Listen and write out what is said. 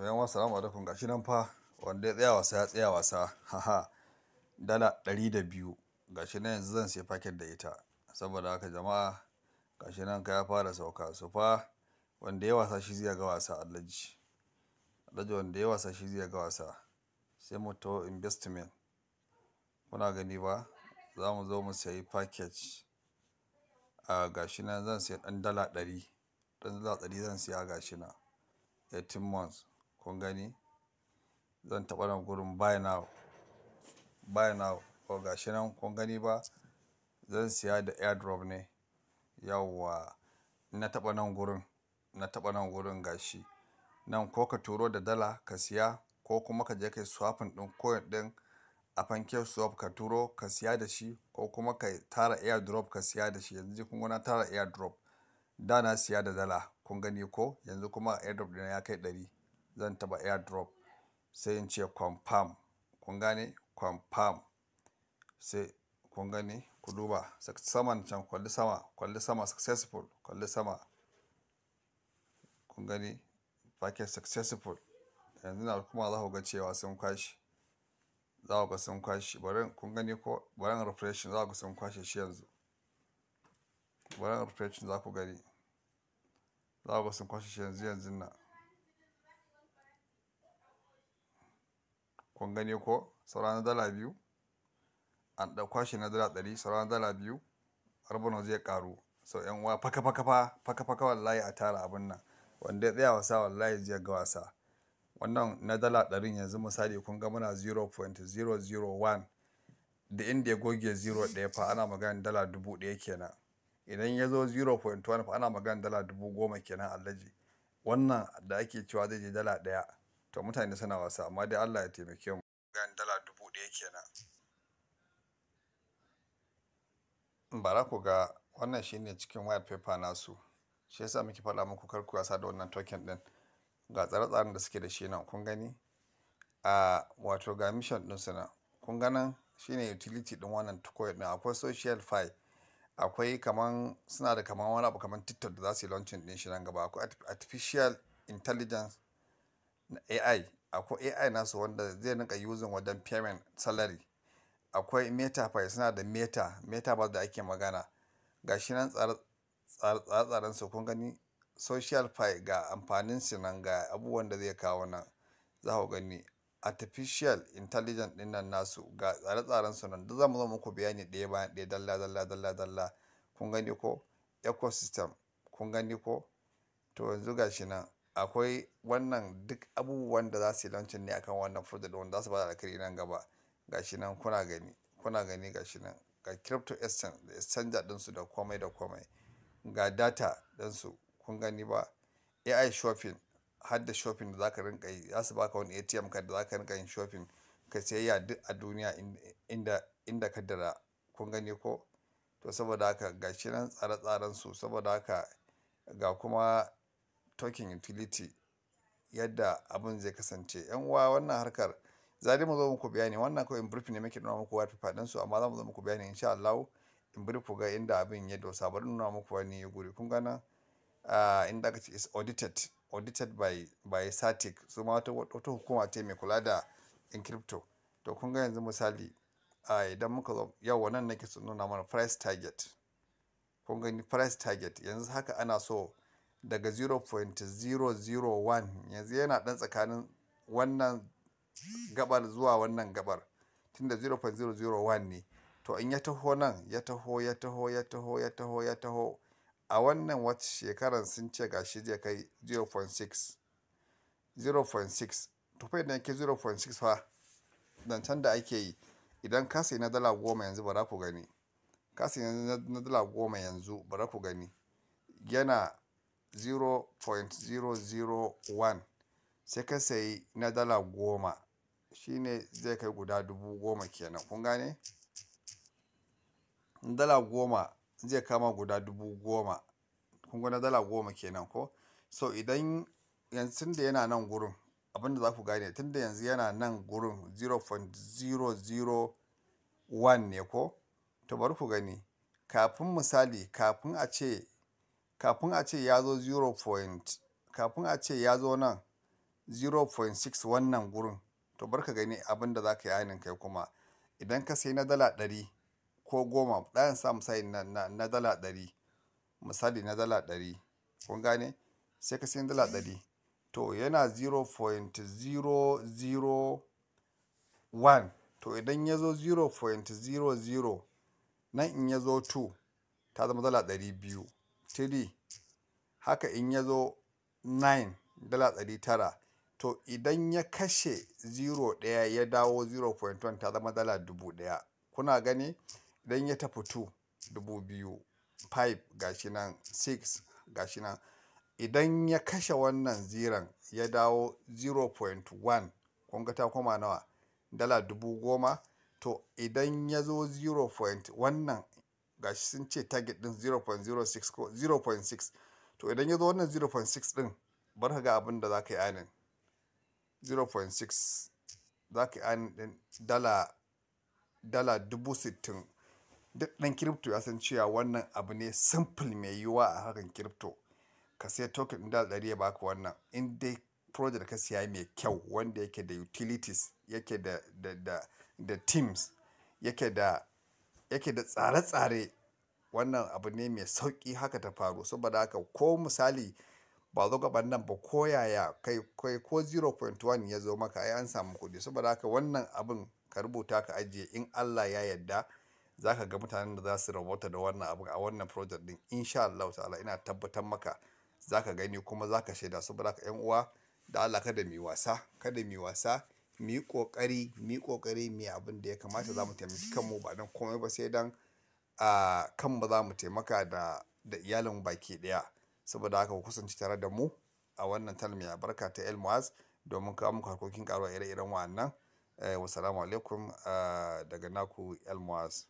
to yan wasu salamu alaikum gashi nan fa wanda ya tsaya wasa ya tsaya wasa haha dala ɗari da biyu gashi nan yanzu zan sai paket da ita saboda haka jama'a gashi nan ka ya fara sauka su fa wanda ya wasa shi zai ga wasa alhaji alhaji wanda ya wasa shi zai ga wasa sai mu to investment kuna gani ba za mu zo mu sayi paket a gashi nan zan sai ɗan dala ɗari ɗan dala ɗari zan siya gashi nan 18 months kun gani zan taɓa nan gurin buy now buy now ko gashi nan kun gani ba zan siya da airdrop ne yawwa na taɓa nan gurin na taɓa nan gurin gashi nan ko ka turo da dala ka siya ko kuma ka je kai swapin ɗin coin ɗin a fanke swap ka turo ka siya da shi ko kuma ka tara airdrop ka siya da shi yanzu kun na tara airdrop da na siya da dala kun gani ko yanzu kuma airdrop ɗin ya kai ɗari zan taba airdrop sai in ce confirm kun gane confirm sai kun gane ku duba saman can kwalli sama kwalli sama successful kwalli sama kun gani bakin successful yanzu na kuma za ku ga cewa sun kwashe za ku ga sun kwashe barin kun gani ko barin refresh za ku ga sun kwashe shi yanzu barin refresh za ku gani za ku ga sun kwashe shi yanzu yanzu nan kun gane ko saura na dala biyu an ɗauka shi na dala ɗari saura dala biyu harbuna zai ƙaru sau yan uwa faka faka fa faka faka wallahi a tara abin nan wanda ya tsaya wasa wallahi zai ga wasa wannan na dala ɗarin yanzu misali kun ga muna 0.001 da inda ya goge 0 ɗaya fa ana magana dala dubu ɗaya kenan idan ya zo 0.1 fa ana magana dala dubu goma kenan allaji wannan da ake cewa zai je dala ɗaya to mutane suna wasa amma dai Allah ya taimake mu gan dala dubu ɗaya kenan bara ku ga wannan shine cikin white paper nasu shi yasa muke faɗa muku kar ku wasa da wannan token ɗin ga tsare-tsaren da suke da shi nan kun gani a wato ga mission ɗin suna kun ga shine utility ɗin wannan coin ɗin akwai social fi akwai kaman suna da kaman wani abu kaman tiktok da za su yi launching ɗin shi nan gaba akwai artificial intelligence AI akwai AI nasu wanda zai nika using wajen payment salary akwai meta MetaPay suna da Meta ba da ake magana gashi nan tsare-tsaren su kun gani social fi ga amfanin su nan ga abubuwan da zai kawo nan za ku gani artificial intelligence din nan nasu ga tsare-tsaren su nan duk zamu zo muku bayani ɗaya bayan ɗaya dalla dalla dalla dalla kun gani ko ecosystem kun gani ko to yanzu gashi nan akwai wannan duk abubuwan da za su yi lancin ne akan wannan project wanda za su bada alkhairi nan gaba gashi nan kuna gani kuna gani gashi nan ga crypto exchange da exchange su da komai da komai ga data su kun gani ba ai shopping har da shopping da za ka rinka yi za su baka wani atm card da za ka rinka yin shopping ka sayayya duk a duniya inda inda ka dara kun gani ko to saboda haka gashi nan tsare-tsaren su saboda haka ga kuma token utility yadda abun zai kasance yan uwa wannan harkar za mu zo muku bayani wannan kawai in brief ne muke nuna muku white paper su amma za mu zo muku bayani insha Allah in brief ga inda abin ya dosa bari nuna muku wani guri kun gana ah, inda aka ce is audited audited by by SATIC su ma wata wata hukuma ce mai kula da in crypto to kun ga yanzu misali idan muka zo yau wannan nake so nuna mana price target kun gani price target yanzu haka ana so daga 0.001 yanzu yana dan tsakanin wannan gabar zuwa wannan gabar tunda 0.001 ne to in ya taho nan ya taho ya taho ya taho ya taho ya taho a wannan wata shekaran sun ce gashi zai kai 0.6 0.6 to fai da yake 0.6 fa can da ake yi idan ka sayi na dala goma yanzu ba za ku gani ka sayi na dala goma yanzu ba za ku gani yana 0.001 sai ka sayi na dala goma shine zai kai guda dubu goma kenan kun gane dala goma zai kama guda dubu goma kun na dala goma kenan ko so idan yanzu da yana nan gurin abinda za ku gane tun da yanzu yana nan gurin 0.001 ne ko to bari ku gani kafin misali kafin a ce kafin a ce ya zo 0. kafin a ce ya zo nan 0.6 wannan gurin to bar ka gani abin da za ka yi ainihin kai kuma idan ka sai na dala 100 ko goma ɗayan sa misali na dala 100 misali na dala 100 kun gane sai ka sai na dala 100 to yana 0.001 to idan ya zo 0.00 nan in ya zo 2 ta zama dala 200 3 haka in ya zo 9 to idan ya kashe 0.1 ya dawo 0.1 ta zama dala dubu ɗaya kuna gani idan ya tafi 2 dubu biyu gashi nan 6 gashi nan idan ya kashe wannan ziran ya dawo 0.1 kun ta koma nawa dala dubu to idan ya zo 0.1 wannan gashi sun ce target din 0.06 ko 0.6 to idan ya zo wannan 0.6 din bar ka ga abin da za ka yi anin 0.6 za ka yi anin din dala dala dubu sittin duk ɗan kiripto ya san cewa wannan abu ne simple mai yiwuwa a hakan kiripto ka sai token dala ɗari ya baka wannan in dai project ka siya mai kyau wanda yake da utilities yake da da da teams yake da yake da tsare-tsare wannan abu ne mai sauƙi haka ta faru saboda haka ko misali ba zo gaban nan ba ko yaya kai kai ko 0.1 ya zo maka ai an samu kuɗi saboda haka wannan abin ka rubuta ka ajiye in Allah ya yarda zaka ga mutanen da za su rabota da wannan abu a wannan project din insha Allah ta'ala ina tabbatar maka zaka gani kuma zaka shaida saboda haka yan uwa da Allah kada mi wasa kada mi wasa mu yi kokari mu yi kokari mu yi abin da ya kamata za mu taimaki kanmu ba don komai ba sai don a ba za mu taimaka da da iyalin baki daya saboda haka ku kusanci tare da mu a wannan talmi barka ta elmas domin kawo muku harkokin karuwa ire-iren wa'annan eh, wasu alaikum daga naku elmas